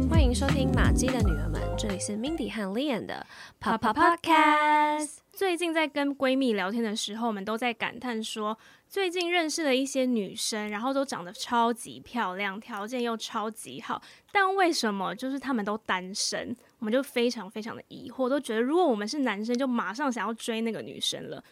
歡迎收聽《瑪姬的女兒們》，這裡是 Mindy 和 Liane 的 Papa Podcast。最近在跟閨蜜聊天的時候，我們都在感嘆說，最近認識了一些女生，然後都長得超級漂亮，條件又超級好，但為什麼就是她們都單身？我們就非常非常的疑惑，都覺得如果我們是男生，就馬上想要追那個女生了。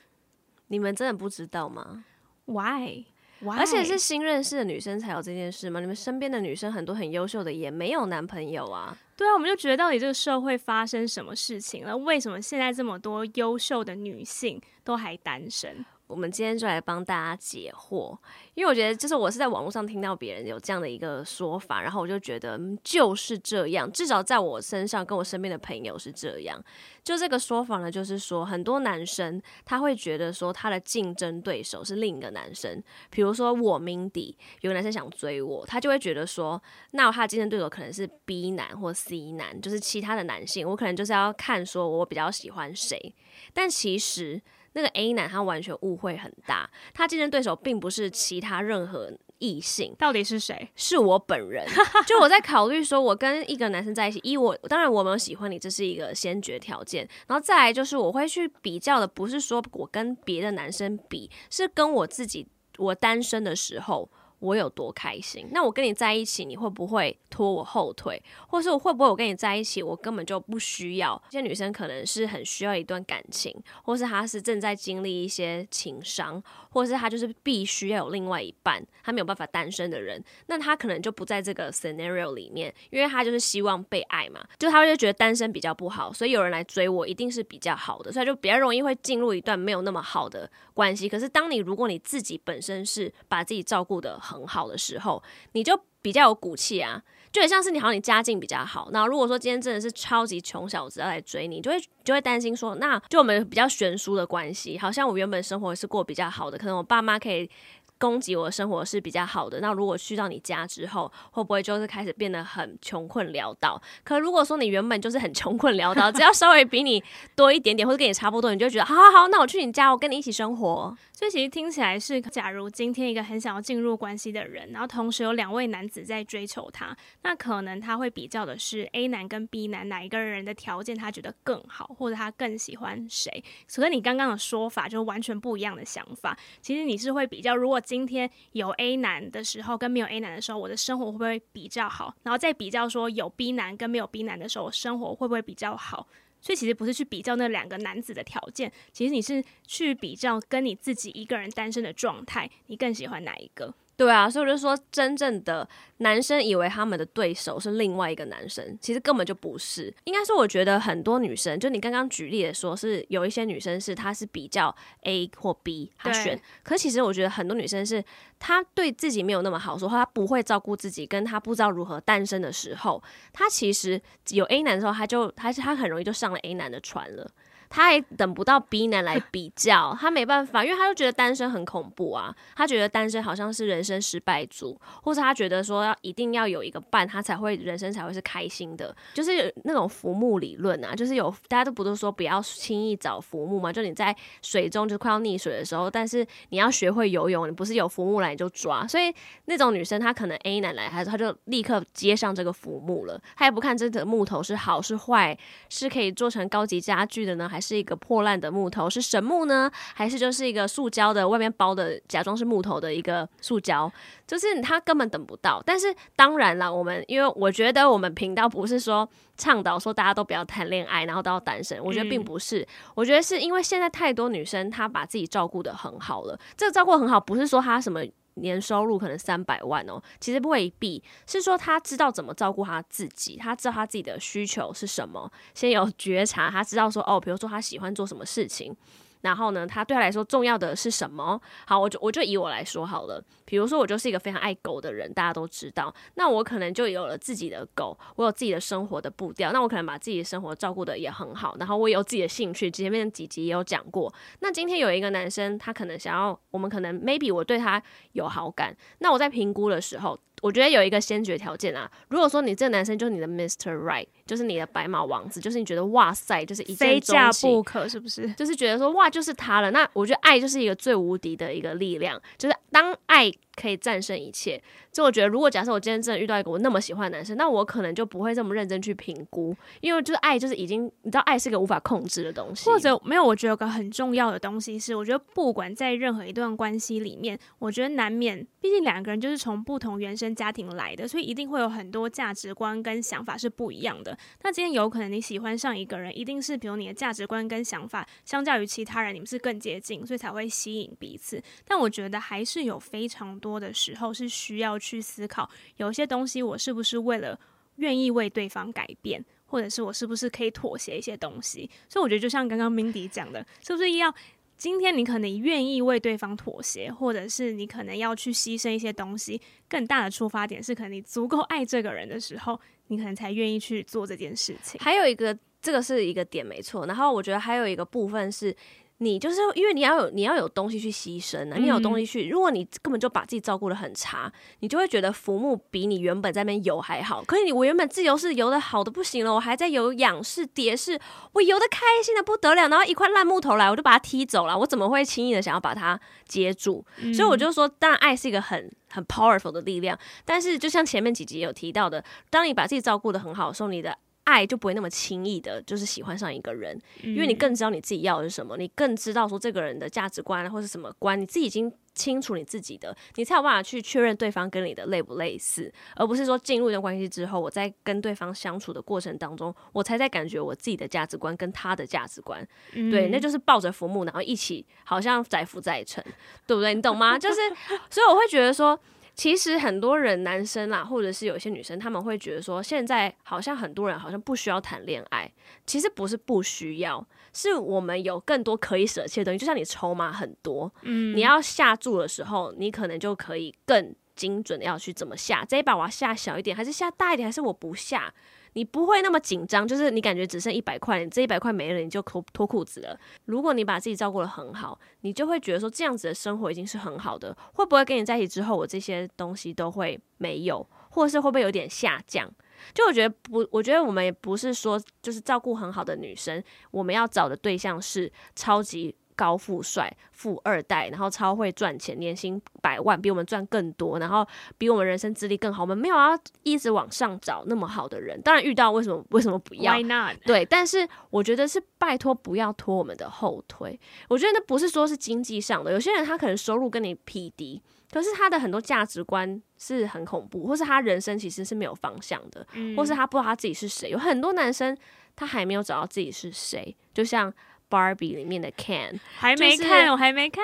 你們真的不知道嗎？Why？Why？Why？而且是新認識的女生才有這件事嗎？你們身邊的女生很多很優秀的，也沒有男朋友啊。對啊，我們就覺得到底這個社會發生什麼事情了？為什麼現在這麼多優秀的女性都還單身？我們今天就來幫大家解惑，因為我覺得就是我是在網絡上聽到別人有這樣的一個說法，然後我就覺得就是這樣，至少在我身上跟我身邊的朋友是這樣。就這個說法呢，就是說很多男生他會覺得說他的競爭對手是另一個男生，比如說我 Mindy 有個男生想追我，他就會覺得說，那他的競爭對手可能是 B 男或 C 男，就是其他的男性，我可能就是要看說我比較喜歡誰，但其實。那個 A 男他完全誤會很大，他競爭對手並不是其他任何異性，到底是誰？是我本人。 就我在考慮說，我跟一個男生在一起，一我當然我沒有喜歡你，這是一個先決條件。然後再來就是我會去比較的，不是說我跟別的男生比，是跟我自己我單身的時候，我有多開心？那我跟你在一起，你會不會拖我後腿？或是我會不會我跟你在一起，我根本就不需要？這些女生可能是很需要一段感情，或是她是正在經歷一些情傷，或是她就是必須要有另外一半，她沒有辦法單身的人，那她可能就不在這個 scenario 裡面，因為她就是希望被愛嘛，就她會覺得單身比較不好，所以有人來追我一定是比較好的，所以就比較容易會進入一段沒有那麼好的。關係，可是當你如果你自己本身是把自己照顧得很好的時候，你就比較有骨氣啊，就很像是你好像你家境比較好。那如果說今天真的是超級窮小子要來追你就，就會就會擔心說，那就我們比較懸殊的關係。好像我原本生活是過比較好的，可能我爸媽可以。攻擊我的生活是比較好的。那如果去到你家之後，會不會就是開始變得很窮困潦倒？可如果說你原本就是很窮困潦倒，只要稍微比你多一點點， 或者跟你差不多，你就覺得好好好，那我去你家，我跟你一起生活。所以其實聽起來是，假如今天一個很想要進入關係的人，然後同時有兩位男子在追求他，那可能他會比較的是 A 男跟 B 男哪一個人的條件他覺得更好，或者他更喜歡誰？所以你剛剛的說法就完全不一樣的想法。其實你是會比較，如果。今天有 A 男的時候跟沒有 A 男的時候，我的生活會不會比較好？然後再比較說有 B 男跟沒有 B 男的時候，我生活會不會比較好？所以其實不是去比較那兩個男子的條件，其實你是去比較跟你自己一個人單身的狀態，你更喜歡哪一個？對啊，所以我就說，真正的男生以為他們的對手是另外一個男生，其實根本就不是。應該是我覺得很多女生，就你剛剛舉例的，說是有一些女生是他是比較 A 或 B，她選。可是其實我覺得很多女生是她對自己沒有那麼好說，說她不會照顧自己，跟她不知道如何單身的時候，她其實有 A 男的時候，她就她是她很容易就上了 A 男的船了。她還等不到 B 男來比較，她沒辦法，因為她就覺得單身很恐怖啊。她覺得單身好像是人生失敗組，或者她覺得說要一定要有一個伴，她才會人生才會是開心的，就是有那種浮木理論啊，就是有大家都不是說不要輕易找浮木嘛，就你在水中就快要溺水的時候，但是你要學會游泳，你不是有浮木來你就抓。所以那種女生她可能 A 男來，她就她就立刻接上這個浮木了，她也不看這個木頭是好是壞，是可以做成高級家具的呢，還。是一個破爛的木頭，是神木呢，還是就是一個塑膠的，外面包的，假裝是木頭的一個塑膠？就是他根本等不到。但是當然了，我們因為我覺得我們頻道不是說倡導說大家都不要談戀愛，然後都要單身。我覺得並不是，嗯、我覺得是因為現在太多女生她把自己照顧得很好了。這個照顧得很好，不是說她什麼。年收入可能三百萬哦？其實未必，是說他知道怎麼照顧他自己，他知道他自己的需求是什麼，先有覺察，他知道說哦，比如說他喜歡做什麼事情。然後呢，他對他來說重要的是什麼？好，我就我就以我來說好了。比如說，我就是一個非常愛狗的人，大家都知道。那我可能就有了自己的狗，我有自己的生活的步調，那我可能把自己的生活照顧得也很好。然後我也有自己的興趣，前面幾集也有講過。那今天有一個男生，他可能想要，我們可能 maybe 我對他有好感，那我在評估的時候。我覺得有一個先決條件啊，如果說你這個男生就是你的 Mr. Right，就是你的白馬王子，就是你覺得哇塞，就是一見鍾情，非嫁不可是不是？就是覺得說，哇，就是他了。那我覺得愛就是一個最無敵的一個力量，就是當愛。可以戰勝一切，就我覺得，如果假設我今天真的遇到一個我那麼喜歡的男生，那我可能就不會這麼認真去評估，因為就是愛，就是已經你知道，愛是一個無法控制的東西。或者沒有，我覺得有個很重要的東西是，我覺得不管在任何一段關係裡面，我覺得難免，畢竟兩個人就是從不同原生家庭來的，所以一定會有很多價值觀跟想法是不一樣的。那今天有可能你喜歡上一個人，一定是比如你的價值觀跟想法相較於其他人，你們是更接近，所以才會吸引彼此。但我覺得還是有非常多。多的時候是需要去思考，有些東西我是不是為了願意為對方改變，或者是我是不是可以妥協一些東西？所以我覺得就像剛剛 Mindy 講的，是不是要今天你可能願意為對方妥協，或者是你可能要去犧牲一些東西？更大的出發點是，可能你足夠愛這個人的時候，你可能才願意去做這件事情。還有一個，這個是一個點沒錯。然後我覺得還有一個部分是。你就是因為你要有你要有東西去犧牲啊，嗯、你要有東西去。如果你根本就把自己照顧的很差，你就會覺得浮木比你原本在那邊游還好。可是你我原本自由式游的好的不行了，我還在游仰式蝶式，我游的開心的不得了。然後一塊爛木頭來，我就把它踢走了。我怎麼會輕易的想要把它接住、嗯？所以我就說，當然愛是一個很很 powerful 的力量。但是就像前面幾集有提到的，當你把自己照顧的很好，送你的。愛就不會那麼輕易的，就是喜歡上一個人，因為你更知道你自己要的是什麼，你更知道說這個人的價值觀或是什麼觀，你自己已經清楚你自己的，你才有辦法去確認對方跟你的類不類似，而不是說進入一段關係之後，我在跟對方相處的過程當中，我才在感覺我自己的價值觀跟他的價值觀。對、嗯，那就是抱着浮木，然後一起好像載浮載沉，對不對？你懂嗎？ 就是，所以我會覺得說。其實很多人，男生啦，或者是有一些女生，他們會覺得說，現在好像很多人好像不需要談戀愛。其實不是不需要，是我們有更多可以捨棄的東西。就像你籌碼很多，嗯，你要下注的時候，你可能就可以更精準的要去怎麼下。這一把我要下小一點，還是下大一點，還是我不下？你不會那麼緊張，就是你感覺只剩一百塊，你這一百塊沒了，你就脫脫褲子了。如果你把自己照顧得很好，你就會覺得說這樣子的生活已經是很好的。會不會跟你在一起之後，我這些東西都會沒有，或者是會不會有點下降？就我覺得不，我覺得我們不是說就是照顧很好的女生，我們要找的對象是超級。高富帥、富二代，然後超會賺錢，年薪百萬，比我們賺更多，然後比我們人生資歷更好。我們沒有要一直往上找那麼好的人。當然遇到為什麼為什麼不要？Why not? 對，但是我覺得是拜託不要拖我們的後腿。我覺得那不是說是經濟上的，有些人他可能收入跟你匹敵，可是他的很多價值觀是很恐怖，或是他人生其實是沒有方向的，嗯、或是他不知道他自己是誰。有很多男生他還沒有找到自己是誰，就像。Barbie 裡面的 Ken 還沒看，就是，我還沒看。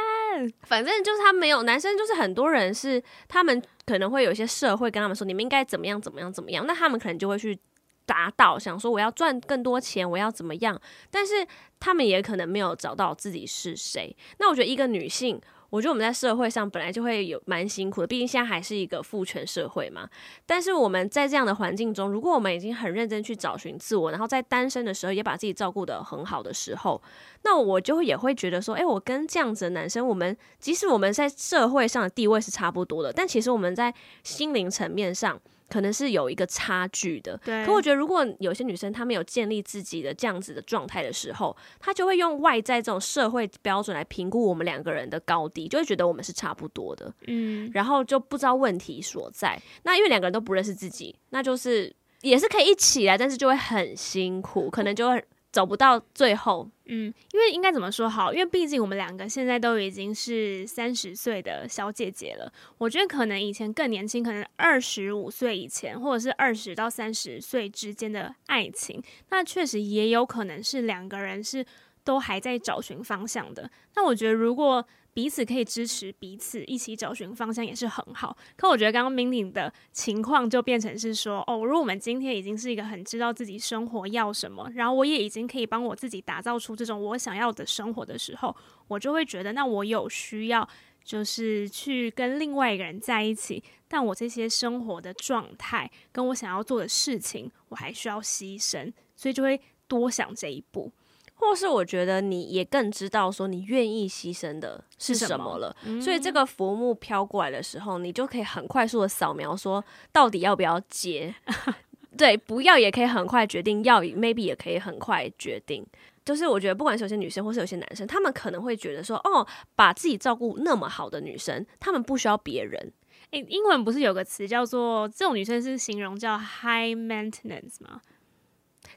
反正就是他沒有男生，就是很多人是他們可能會有一些社會跟他們說你們應該怎麼樣怎麼樣怎麼樣，那他們可能就會去達到想說我要賺更多錢，我要怎麼樣，但是他們也可能沒有找到自己是誰。那我覺得一個女性。我覺得我們在社會上本來就會有蠻辛苦的，畢竟現在還是一個父權社會嘛。但是我們在這樣的環境中，如果我們已經很認真去找尋自我，然後在單身的時候也把自己照顧得很好的時候，那我就也會覺得說，誒，我跟這樣子的男生，我們即使我們在社會上的地位是差不多的，但其實我們在心靈層面上。可能是有一個差距的，對。可我覺得，如果有些女生她沒有建立自己的這樣子的狀態的時候，她就會用外在這種社會標準來評估我們兩個人的高低，就會覺得我們是差不多的，嗯。然後就不知道問題所在。那因為兩個人都不認識自己，那就是也是可以一起來，但是就會很辛苦，可能就會。走不到最後，嗯，因為應該怎麼說好？因為畢竟我們兩個現在都已經是三十歲的小姐姐了。我覺得可能以前更年輕，可能二十五歲以前，或者是二十到三十歲之間的愛情，那確實也有可能是兩個人是都還在找尋方向的。那我覺得如果。彼此可以支持彼此，一起找尋方向也是很好。可我覺得剛剛明明的情況就變成是說，哦，如果我們今天已經是一個很知道自己生活要什麼，然後我也已經可以幫我自己打造出這種我想要的生活的時候，我就會覺得，那我有需要就是去跟另外一個人在一起，但我這些生活的狀態跟我想要做的事情，我還需要犧牲？所以就會多想這一步。或是我覺得你也更知道說你願意犧牲的是什麼了，是什麼？嗯、所以這個浮木飄過來的時候，你就可以很快速的掃描，說到底要不要接？ 對，不要也可以很快決定，要 maybe 也可以很快決定。就是我覺得，不管是有些女生或是有些男生，他們可能會覺得說，哦，把自己照顧那麼好的女生，他們不需要別人。欸，英文不是有個詞叫做這種女生是形容叫 high maintenance 嗎？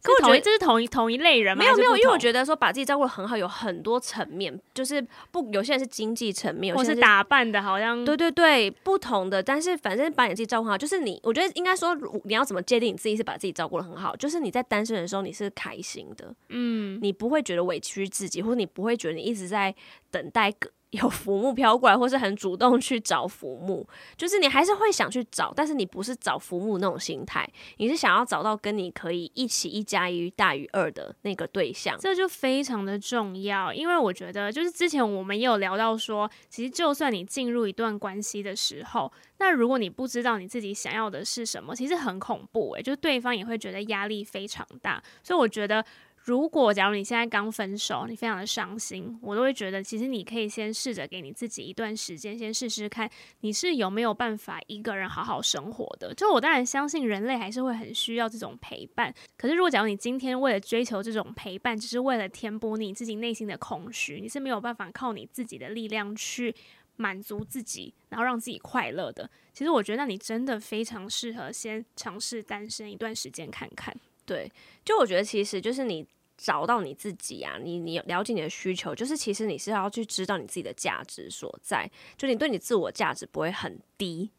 可我覺得這是同一同一類人嗎？沒有沒有，因為我覺得說把自己照顧得很好有很多層面，就是不有些人是經濟層面，有些人是、哦、是打扮的好像對對對不同的，但是反正把你自己照顧好，就是你我覺得應該說你要怎麼界定你自己是把自己照顧的很好，就是你在單身的時候你是開心的，嗯，你不會覺得委屈自己，或者你不會覺得你一直在等待個有浮木飄過來，或是很主動去找浮木，就是你還是會想去找，但是你不是找浮木那種心態，你是想要找到跟你可以一起一加一大於二的那個對象，這就非常的重要。因為我覺得，就是之前我們也有聊到說，其實就算你進入一段關係的時候，那如果你不知道你自己想要的是什麼，其實很恐怖欸，就對方也會覺得壓力非常大，所以我覺得。如果假如你現在剛分手，你非常的傷心，我都會覺得其實你可以先試着給你自己一段時間，先試試看你是有沒有辦法一個人好好生活的。就是我當然相信人類還是會很需要這種陪伴，可是如果假如你今天為了追求這種陪伴，只、就是為了填補你自己內心的空虛，你是沒有辦法靠你自己的力量去滿足自己，然後讓自己快樂的。其實我覺得那你真的非常適合先嘗試單身一段時間看看。對，就我覺得其實就是你找到你自己啊，你你了解你的需求，就是其實你是要去知道你自己的價值所在，就你對你自我價值不會很低，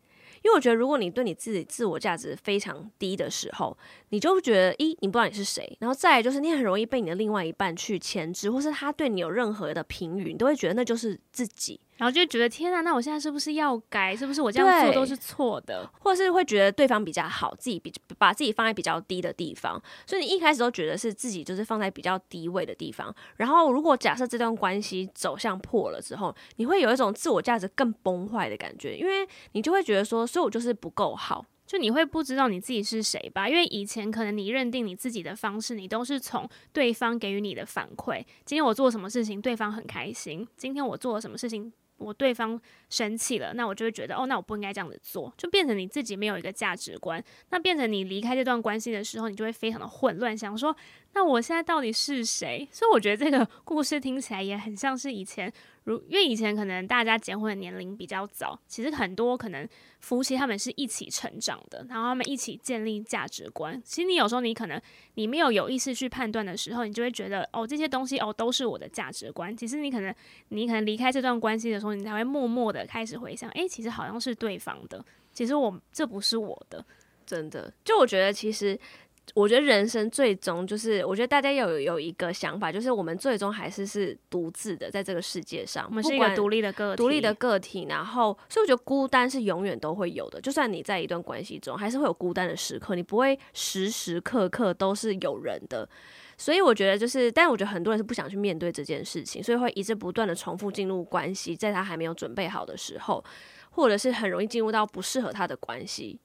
因為我覺得如果你對你自己自我價值非常低的時候，你就會覺得，咦，你不知道你是誰，然後再來就是你很容易被你的另外一半去牽制，或是他對你有任何的評語，你都會覺得那就是自己。然後就覺得天啊，那我現在是不是要改？是不是我這樣做都是錯的？或者是會覺得對方比較好，自己比把自己放在比較低的地方。所以你一開始都覺得是自己就是放在比較低位的地方。然後如果假設這段關係走向破了之後，你會有一種自我價值更崩壞的感覺，因為你就會覺得說，所以我就是不夠好，就你會不知道你自己是誰吧？因為以前可能你認定你自己的方式，你都是從對方給予你的反饋。今天我做什麼事情，對方很開心；今天我做了什麼事情。我對方生氣了，那我就會覺得哦，那我不應該這樣子做，就變成你自己沒有一個價值觀，那變成你離開這段關係的時候，你就會非常的混亂，想說那我現在到底是誰？所以我覺得這個故事聽起來也很像是以前。如因為以前可能大家結婚的年齡比較早，其實很多可能夫妻他們是一起成長的，然後他們一起建立價值觀。其實你有時候你可能你沒有有意識去判斷的時候，你就會覺得哦，這些東西哦都是我的價值觀。其實你可能你可能離開這段關係的時候，你才會默默的開始回想，哎、欸，其實好像是對方的。其實我這不是我的，真的。就我覺得其實。我覺得人生最終就是，我覺得大家有有一個想法，就是我們最終還是是獨自的在這個世界上，我們是一個獨立的個獨立的個體。然後，所以我覺得孤單是永遠都會有的，就算你在一段關係中，還是會有孤單的時刻，你不會時時刻刻都是有人的。所以我覺得就是，但我覺得很多人是不想去面對這件事情，所以會一直不斷的重複進入關係，在他還沒有準備好的時候，或者是很容易進入到不適合他的關係。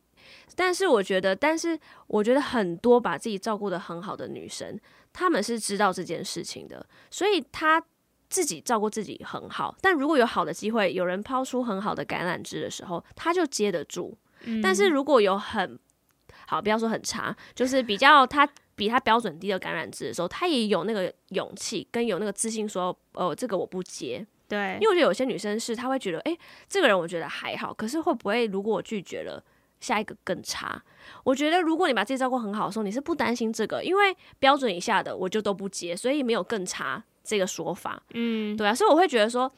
但是我覺得，但是我覺得很多把自己照顧得很好的女生，她們是知道這件事情的，所以她自己照顧自己很好。但如果有好的機會，有人拋出很好的橄欖枝的時候，她就接得住，嗯。但是如果有很好，不要說很差，就是比較她比她標準低的橄欖枝的時候，她也有那個勇氣跟有那個自信，說，哦，呃，這個我不接。對，因為我覺得有些女生是，她會覺得，誒，欸，這個人我覺得還好，可是會不會如果我拒絕了？下一個更差，我覺得如果你把自己照顧很好的時候，你是不擔心這個，因為標準以下的我就都不接，所以沒有更差這個說法，嗯，對啊。所以我會覺得說，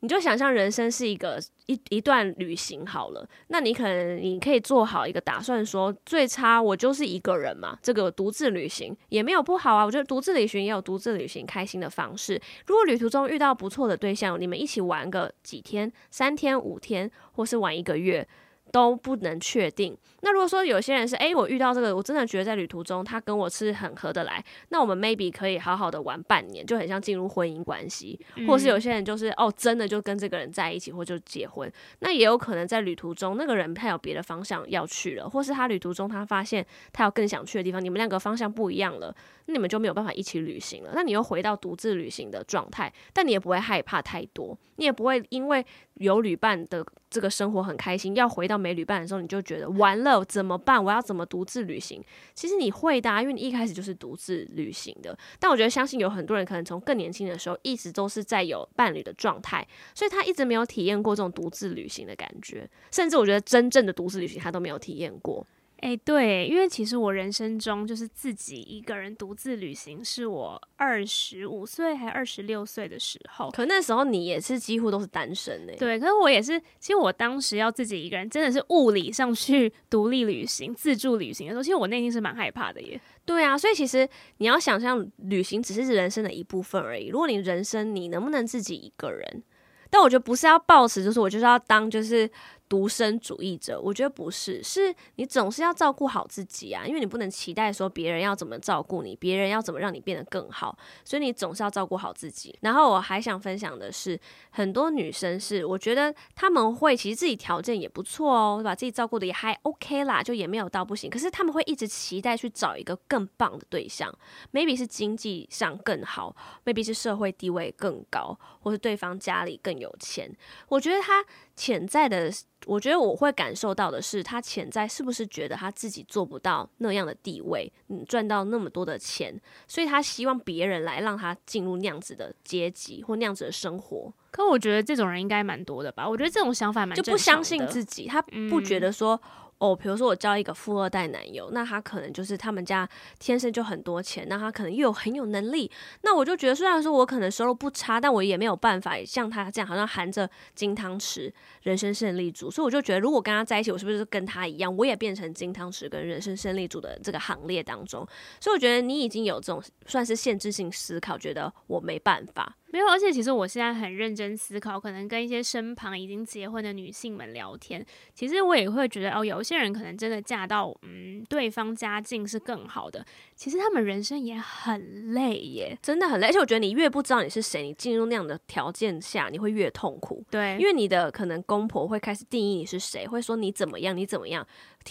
你就想象人生是一個一一段旅行好了，那你可能你可以做好一個打算說，最差我就是一個人嘛，這個獨自旅行也沒有不好啊，我覺得獨自旅行也有獨自旅行開心的方式。如果旅途中遇到不錯的對象，你們一起玩個幾天、三天、五天，或是玩一個月。都不能確定。那如果說有些人是，誒、欸，我遇到這個，我真的覺得在旅途中他跟我是很合得來，那我們 maybe 可以好好的玩半年，就很像進入婚姻關係，嗯，或是有些人就是哦，真的就跟這個人在一起，或者就結婚。那也有可能在旅途中那個人他有別的方向要去了，或是他旅途中他發現他有更想去的地方，你們兩個方向不一樣了，那你們就沒有辦法一起旅行了。那你又回到獨自旅行的狀態，但你也不會害怕太多，你也不會因為。有旅伴的這個生活很開心，要回到沒旅伴的時候，你就覺得完了怎麼辦？我要怎麼獨自旅行？其實你會的啊，因為你一開始就是獨自旅行的。但我覺得，相信有很多人可能從更年輕的時候一直都是在有伴侶的狀態，所以他一直沒有體驗過這種獨自旅行的感覺，甚至我覺得真正的獨自旅行他都沒有體驗過。誒、欸，對，因為其實我人生中就是自己一個人獨自旅行，是我二十五歲還二十六歲的時候。可那時候你也是幾乎都是單身的。對，可是我也是，其實我當時要自己一個人，真的是物理上去獨立旅行、自助旅行的時候，其實我內心是蠻害怕的耶。對啊，所以其實你要想象，旅行只是人生的一部分而已。如果你人生你能不能自己一個人？但我覺得不是要抱持，就是我就是要當就是。獨身主義者，我覺得不是，是你總是要照顧好自己啊，因為你不能期待說別人要怎麼照顧你，別人要怎麼讓你變得更好，所以你總是要照顧好自己。然後我還想分享的是，很多女生是我覺得他們會其實自己條件也不錯哦、喔，對吧，把自己照顧的也還 OK 啦，就也沒有到不行，可是他們會一直期待去找一個更棒的對象，maybe 是經濟上更好，maybe 是社會地位更高，或是對方家裡更有錢，我覺得他。潛在的，我覺得我會感受到的是，他潛在是不是覺得他自己做不到那樣的地位，嗯，賺到那麼多的錢，所以他希望別人來讓他進入那樣子的階級或那樣子的生活。可我覺得這種人應該蠻多的吧？我覺得這種想法蠻多，就不相信自己，他不覺得說。嗯哦，比如說我交一個富二代男友，那他可能就是他們家天生就很多錢，那他可能又有很有能力，那我就覺得雖然說我可能收入不差，但我也沒有辦法像他這樣好像含着金湯匙人生勝利組，所以我就覺得如果跟他在一起，我是不是就是跟他一樣，我也變成金湯匙跟人生勝利組的這個行列當中？所以我覺得你已經有這種算是限制性思考，覺得我沒辦法。沒有，而且其實我現在很認真思考，可能跟一些身旁已經結婚的女性們聊天，其實我也會覺得，哦，有些人可能真的嫁到，嗯，對方家境是更好的，其實他們人生也很累耶，真的很累。而且我覺得你越不知道你是誰，你進入那樣的條件下，你會越痛苦。對，因為你的可能公婆會開始定義你是誰，會說你怎麼樣，你怎麼樣。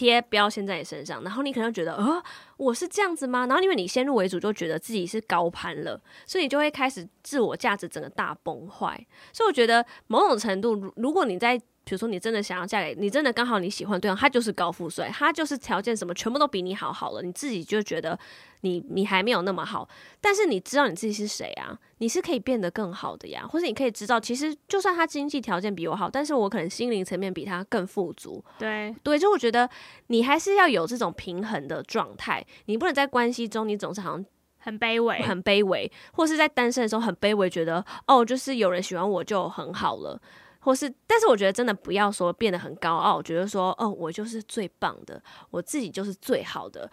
貼標籤在你身上，然後你可能覺得，呃，哦，我是這樣子嗎？然後因為你先入為主，就覺得自己是高攀了，所以你就會開始自我價值整個大崩壞。所以我覺得某種程度，如果你在比如說，你真的想要嫁給，你真的剛好你喜歡對方，他就是高富帥，他就是條件什麼全部都比你好好了，你自己就覺得你你還沒有那麼好，但是你知道你自己是誰啊？你是可以變得更好的呀，或者你可以知道，其實就算他經濟條件比我好，但是我可能心靈層面比他更富足。對對，就我覺得你還是要有這種平衡的狀態，你不能在關係中你總是好像很卑微，很卑微，或是在單身的時候很卑微，覺得哦，就是有人喜歡我就很好了。嗯或是，但是我覺得真的不要說變得很高傲，我覺得說，哦，我就是最棒的，我自己就是最好的。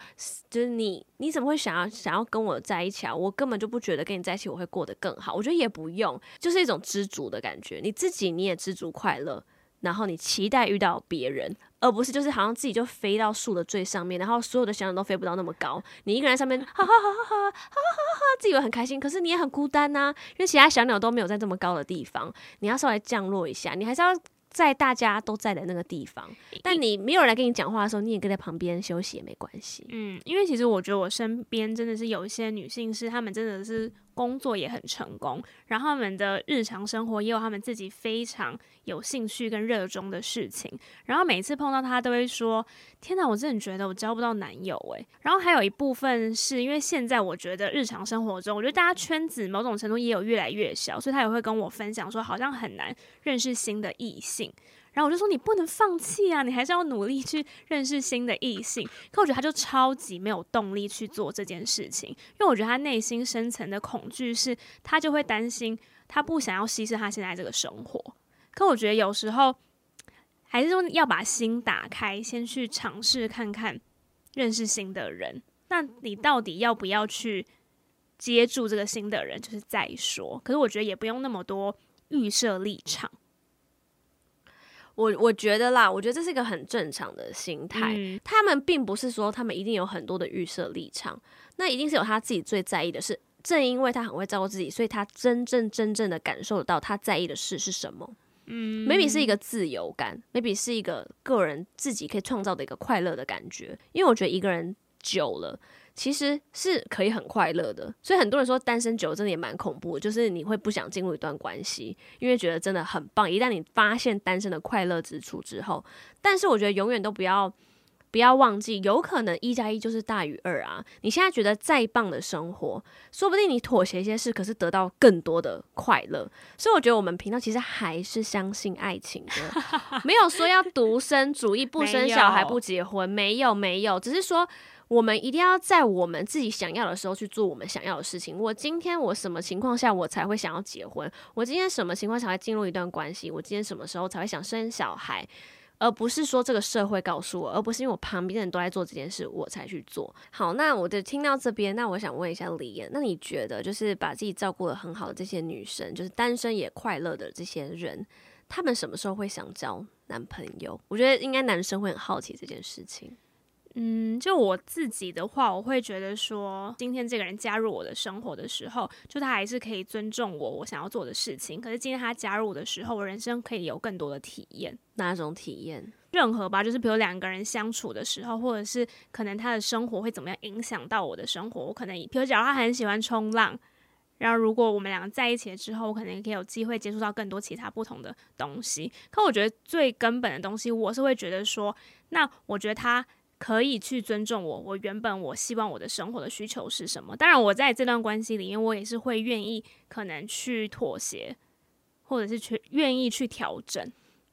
就是你，你怎麼會想要想要跟我在一起啊？我根本就不覺得跟你在一起我會過得更好。我覺得也不用，就是一種知足的感覺。你自己你也知足快樂，然後你期待遇到別人。而不是就是好像自己就飛到樹的最上面，然後所有的小鳥都飛不到那麼高。你一個人在上面，哈哈哈哈哈哈哈哈哈，哈哈哈哈自己會很開心，可是你也很孤單吶、啊，因為其他小鳥都沒有在這麼高的地方。你要稍微降落一下，你還是要在大家都在的那個地方。但你沒有人來跟你講話的時候，你也可以在旁邊休息也沒關係。嗯，因為其實我覺得我身邊真的是有一些女性是，是她們真的是。工作也很成功，然後他們的日常生活也有他們自己非常有興趣跟熱衷的事情。然後每次碰到他都會說：“天哪，我真的覺得我交不到男友誒。”然後還有一部分是因為現在我覺得日常生活中，我覺得大家圈子某種程度也有越來越小，所以他也會跟我分享說，好像很難認識新的異性。然後我就說，你不能放棄啊，你還是要努力去認識新的異性。可我覺得他就超級沒有動力去做這件事情，因為我覺得他內心深層的恐懼是，他就會擔心他不想要犧牲他現在這個生活。可我覺得有時候還是說要把心打開，先去嘗試看看認識新的人。那你到底要不要去接住這個新的人，就是再說。可是我覺得也不用那麼多預設立場。我我覺得啦，我覺得這是一個很正常的心態。嗯。他們並不是說他們一定有很多的預設立場，那一定是有他自己最在意的事。正因為他很會照顧自己，所以他真正真正的感受到他在意的事是什麼。嗯，maybe 是一個自由感，maybe 是一個個人自己可以創造的一個快樂的感覺。因為我覺得一個人久了，其實是可以很快樂的，所以很多人說單身久了真的也蠻恐怖，就是你會不想進入一段關係，因為覺得真的很棒。一旦你發現單身的快樂之處之後，但是我覺得永遠都不要不要忘記，有可能一加一就是大於二啊！你現在覺得再棒的生活，說不定你妥協一些事，可是得到更多的快樂。所以我覺得我們頻道其實還是相信愛情的， 沒有說要獨身主義，不生 小孩、不結婚，沒有沒有，只是說，我們一定要在我們自己想要的時候去做我們想要的事情。我今天我什麼情況下我才會想要結婚？我今天什麼情況下才會進入一段關係？我今天什麼時候才會想生小孩？而不是說這個社會告訴我，而不是因為我旁邊的人都在做這件事，我才去做。好，那我就聽到這邊，那我想問一下李岩，那你覺得就是把自己照顧得很好的這些女生，就是單身也快樂的這些人，他們什麼時候會想交男朋友？我覺得應該男生會很好奇這件事情。嗯，就我自己的話，我會覺得說，今天這個人加入我的生活的時候，就他還是可以尊重我，我想要做的事情。可是今天他加入我的時候，我人生可以有更多的體驗。哪種體驗？任何吧，就是比如兩個人相處的時候，或者是可能他的生活會怎麼樣影響到我的生活。我可能比如假如他很喜歡衝浪，然後如果我們兩個在一起了之後，我可能也可以有機會接觸到更多其他不同的東西。可我覺得最根本的東西，我是會覺得說，那我覺得他。可以去尊重我，我原本我希望我的生活的需求是什麼。當然，我在這段關係裡面，我也是會願意可能去妥協，或者是去願意去調整。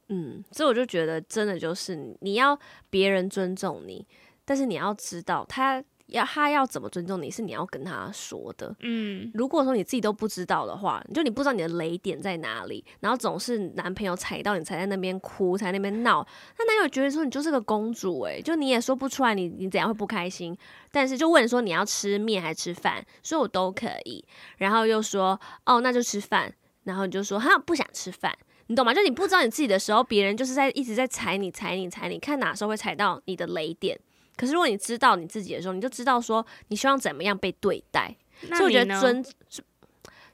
嗯，所以我就覺得，真的就是你要別人尊重你，但是你要知道他。要他要怎麼尊重你是你要跟他說的，嗯，如果說你自己都不知道的話，就你不知道你的雷點在哪裡，然後總是男朋友踩到你才在那邊哭，才在那邊鬧，那男友覺得說你就是個公主欸，就你也說不出來你你怎樣會不開心，但是就問說你要吃麵還吃飯，所以我都可以，然後又說哦那就吃飯，然後你就說哈不想吃飯，你懂嗎？就你不知道你自己的時候，別人就是在一直在踩你踩你踩你，看哪時候會踩到你的雷點。可是，如果你知道你自己的時候，你就知道說你希望怎麼樣被對待。那你所以，我覺得尊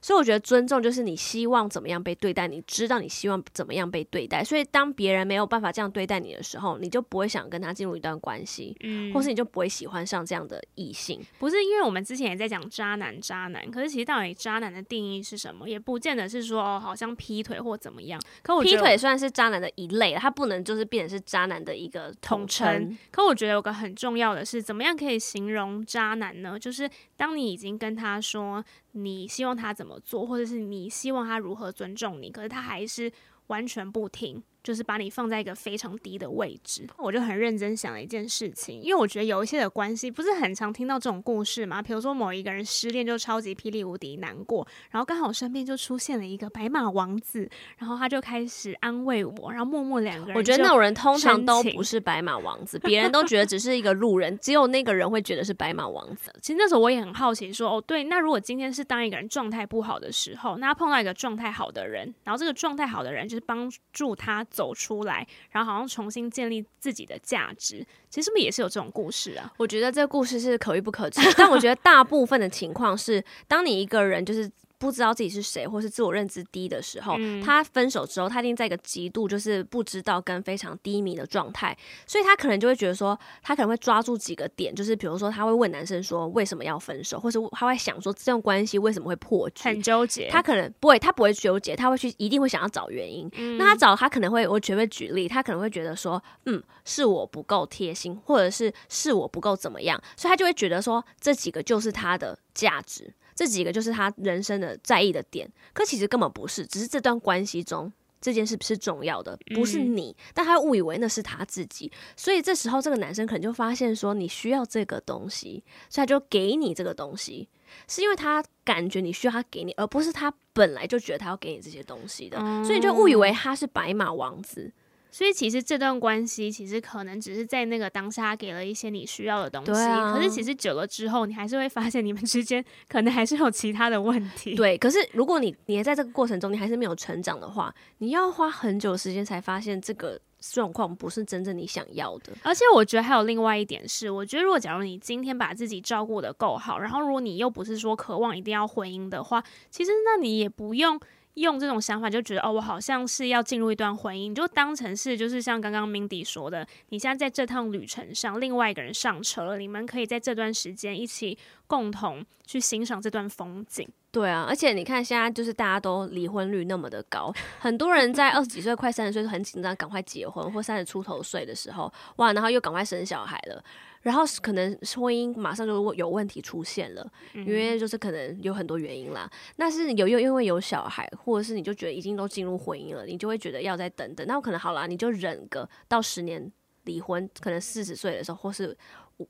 所以我覺得尊重就是你希望怎麼樣被對待，你知道你希望怎麼樣被對待。所以當別人沒有辦法這樣對待你的時候，你就不會想跟他進入一段關係，嗯，或是你就不會喜歡上這樣的異性。不是因為我們之前也在講渣男，渣男，可是其實到底渣男的定義是什麼？也不見得是說哦，好像劈腿或怎麼樣。可我劈腿雖然是渣男的一類，他不能就是變成是渣男的一個統稱。可我覺得有個很重要的是，怎麼樣可以形容渣男呢？就是當你已經跟他說你希望他怎怎麼做，或者是你希望他如何尊重你，可是他還是完全不聽。就是把你放在一個非常低的位置，我就很認真想了一件事情，因為我覺得有一些的關係不是很常聽到這種故事嘛，比如說某一個人失戀就超級霹靂無敵難過，然後剛好身邊就出現了一個白馬王子，然後他就開始安慰我，然後默默兩個人，我覺得那種人通常都不是白馬王子，別人都覺得只是一個路人， 只有那個人會覺得是白馬王子。 其實那時候我也很好奇說，說哦對，那如果今天是當一個人狀態不好的時候，那他碰到一個狀態好的人，然後這個狀態好的人就是幫助他。走出來，然後好像重新建立自己的價值，其實是不是也是有這種故事啊？我覺得這故事是可遇不可求， 但我覺得大部分的情況是，當你一個人就是。不知道自己是誰，或是自我認知低的時候、嗯，他分手之後，他一定在一個極度就是不知道跟非常低迷的狀態，所以他可能就會覺得說，他可能會抓住幾個點，就是比如說他會問男生說為什麼要分手，或是他會想說這段關係為什麼會破局，很糾結。他可能不會，他不會糾結，他會去一定會想要找原因。嗯、那他找他可能會，我隨便舉例，他可能會覺得說，嗯，是我不夠貼心，或者是是我不夠怎麼樣，所以他就會覺得說這幾個就是他的價值。這幾個就是他人生的在意的點，可其實根本不是，只是這段關係中這件事不是重要的，不是你，嗯，但他誤以為那是他自己，所以這時候這個男生可能就發現說你需要這個東西，所以他就給你這個東西，是因為他感覺你需要他給你，而不是他本來就覺得他要給你這些東西的，所以你就誤以為他是白馬王子。嗯所以其實這段關係其實可能只是在那個當下給了一些你需要的東西，啊、可是其實久了之後，你還是會發現你們之間可能還是有其他的問題。對，可是如果你你在這個過程中你還是沒有成長的話，你要花很久的時間才發現這個狀況不是真正你想要的。而且我覺得還有另外一點是，我覺得如果假如你今天把自己照顧得夠好，然後如果你又不是說渴望一定要婚姻的話，其實那你也不用。用這種想法就覺得哦，我好像是要進入一段婚姻，你就當成是就是像剛剛 Mindy 說的，你現在在這趟旅程上，另外一個人上車了，你們可以在這段時間一起共同去欣賞這段風景。對啊，而且你看現在就是大家都離婚率那麼的高，很多人在二十幾歲、快三十歲都很緊張，趕快結婚，或三十出頭歲的時候，哇，然後又趕快生小孩了。然後可能婚姻馬上就有問題出現了，因為就是可能有很多原因啦。嗯、那是有又因為有小孩，或者是你就覺得已經都進入婚姻了，你就會覺得要再等等。那我可能好啦，你就忍個到十年離婚，可能四十歲的時候，或是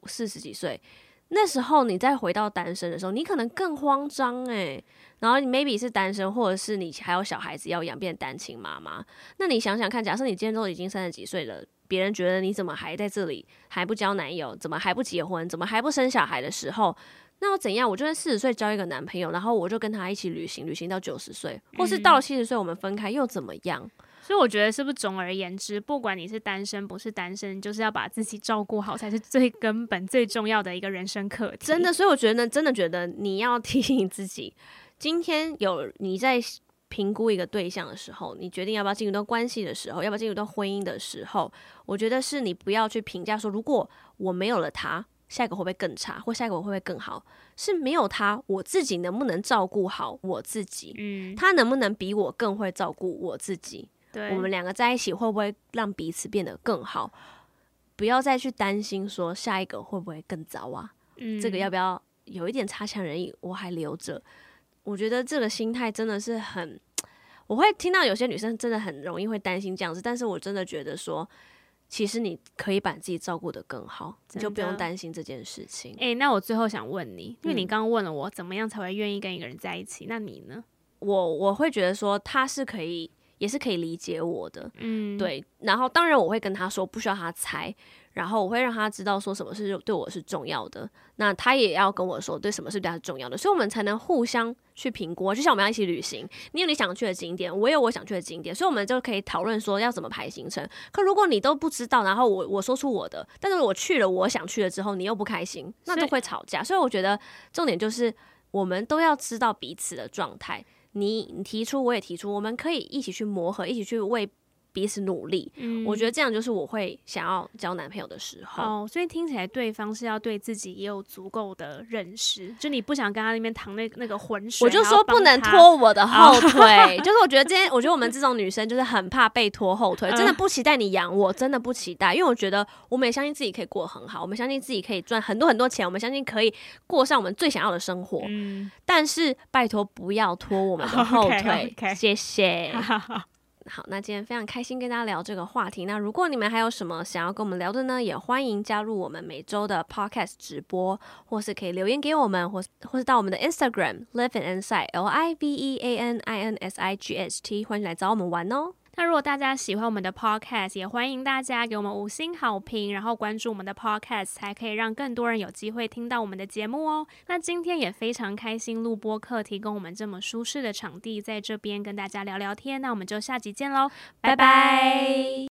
四十幾歲，那時候你再回到單身的時候，你可能更慌張誒、欸。然後你 maybe 是單身，或者是你還有小孩子要養，變單親媽媽。那你想想看，假設你今天都已經三十幾歲了。別人覺得你怎麼還在這裡，還不交男友，怎麼還不結婚，怎麼還不生小孩的時候，那我怎樣？我就在四十歲交一個男朋友，然後我就跟他一起旅行，旅行到九十歲，或是到七十歲我們分開又怎麼樣？嗯。所以我覺得是不是總而言之，不管你是單身不是單身，就是要把自己照顧好，才是最根本 最重要的一個人生課題。真的，所以我覺得真的覺得你要提醒自己，今天有你在。評估一個對象的時候，你決定要不要進入一段關係的時候，要不要進入一段婚姻的時候，我覺得是你不要去評價說，如果我沒有了他，下一個會不會更差，或下一個我會不會更好？是沒有他，我自己能不能照顧好我自己？嗯，他能不能比我更會照顧我自己？對，我們兩個在一起會不會讓彼此變得更好？不要再去擔心說下一個會不會更糟啊？嗯，這個要不要有一點差強人意？我還留着。我覺得這個心態真的是很，我會聽到有些女生真的很容易會擔心這樣子，但是我真的覺得說，其實你可以把自己照顧得更好，你就不用擔心這件事情。誒、欸，那我最後想問你，因為你剛剛問了我、嗯、怎麼樣才會願意跟一個人在一起，那你呢？我我會覺得說他是可以。也是可以理解我的，嗯，對。然後當然我會跟他說不需要他猜，然後我會讓他知道說什麼是對我是重要的，那他也要跟我說對什麼是對他是重要的，所以我們才能互相去評估。就像我們要一起旅行，你有你想去的景點，我有我想去的景點，所以我們就可以討論說要怎麼排行程。可如果你都不知道，然後我我說出我的，但是我去了我想去了之後，你又不開心，那就會吵架。所以，所以我覺得重點就是我們都要知道彼此的狀態。你你提出，我也提出，我們可以一起去磨合，一起去為。彼此努力，嗯，我覺得這樣就是我會想要交男朋友的時候。哦，所以聽起來對方是要對自己也有足夠的認識，就你不想跟他那邊淌那個、那個渾水。我就說不能拖我的後腿。哦，就是我覺得今天，我覺得我們這種女生就是很怕被拖後腿，嗯、真的不期待你養我，真的不期待，因為我覺得我們也相信自己可以過很好，我們相信自己可以賺很多很多錢，我們相信可以過上我們最想要的生活。嗯、但是拜托不要拖我們的後腿，哦、okay, okay 謝謝。好好好，那今天非常開心跟大家聊這個話題。那如果你們還有什麼想要跟我們聊的呢，也歡迎加入我們每周的 podcast 直播，或是可以留言給我們，或是或是到我們的 Instagram Live an Insight L I V E A N I N S I G H T，歡迎來找我們玩哦。那如果大家喜歡我們的 podcast，也歡迎大家給我們五星好評，然後關注我們的 podcast，才可以讓更多人有機會聽到我們的節目哦。那今天也非常開心錄播客提供我們這麼舒適的場地，在這邊跟大家聊聊天。那我們就下集見嘍，拜拜。